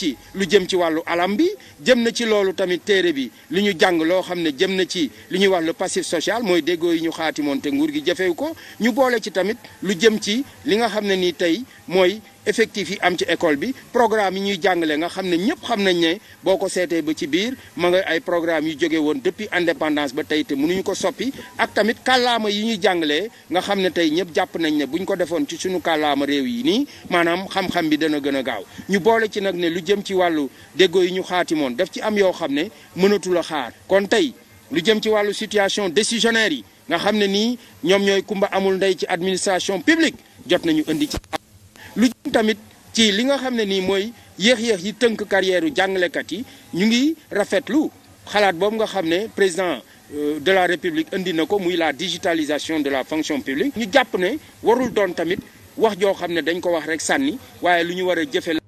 ci lu jëm ci wàllu alam bi jëm na ci loolu tamit téere bi li ñu jàng loo xam ne jëm na ci li ñuy wàllu le passif social mooy déggoo yi ñu xaatimoon te nguur gi jafewu ko ñu boole ci tamit lu jëm ci li nga xam ne nii tey mooy effective yi am ci école bi programme yi ñuy jàngale nga xam ne ñëpp xam nañ ne boo ko seetee ba ci biir ma nga ay programme yu jóge woon depuis indépendance ba tey te mënuñu ko soppi ak tamit kàllaama yi ñuy jàngalee nga xam ne tey ñëpp jàpp nañ ne bu buñ ko defoon ci suñu kàllaama réew yi nii maanaam xam-xam bi dana gën a gaaw ñu boole ci nag ne lu jëm ci wàllu déggoo yi ñu xaati moon daf ci am yoo xam ne mënatul xaar kon tey lu jëm ci wàllu situation décisionnaire yi nga xam ne nii ñoom ñooy kumba amul ndey ci administration publique jot nañu indi ci lu tamit ci li nga xam ne nii mooy yéex-yéex yi tënk carrière yu jàngalekat yi ñu ngi rafetlu xalaat boobu nga xam ne président euh, de la république indi na ko muy la digitalisation de la fonction publique ñu jàpp ne warul doon tamit wax joo xam ne dañ ko wax rek sànni waaye lu ñu war a jëfe